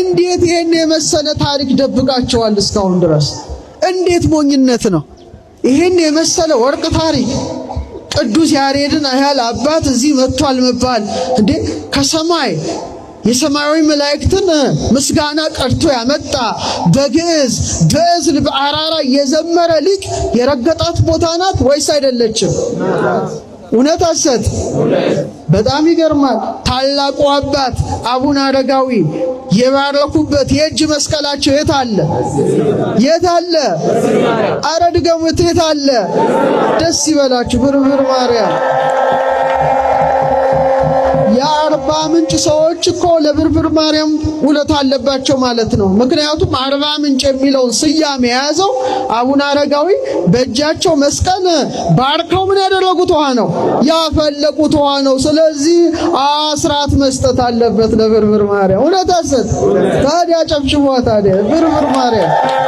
እንዴት ይሄን የመሰለ ታሪክ ደብቃቸዋል እስካሁን ድረስ? እንዴት ሞኝነት ነው! ይሄን የመሰለ ወርቅ ታሪክ ቅዱስ ያሬድን ያህል አባት እዚህ መጥቷል መባል እንዴ! ከሰማይ የሰማያዊ መላእክትን ምስጋና ቀድቶ ያመጣ በግዕዝ በዕዝል በአራራ የዘመረ ሊቅ የረገጣት ቦታ ናት ወይስ አይደለችም? እውነት አሰት በጣም ይገርማል። ታላቁ አባት አቡነ አረጋዊ የባረኩበት የእጅ መስቀላቸው የት አለ? የት አለ? አረድገሙት የት አለ? ደስ ይበላችሁ ብርብር ማርያም አርባ ምንጭ ሰዎች እኮ ለብርብር ማርያም ውለት አለባቸው ማለት ነው። ምክንያቱም አርባ ምንጭ የሚለውን ስያሜ የያዘው አቡነ አረጋዊ በእጃቸው መስቀል ባርከው ምን ያደረጉት ውሃ ነው ያፈለቁት ውሃ ነው። ስለዚህ አስራት መስጠት አለበት ለብርብር ማርያም። እውነት አሰት ታዲያ ጨብጭቧ ታዲያ ብርብር ማርያም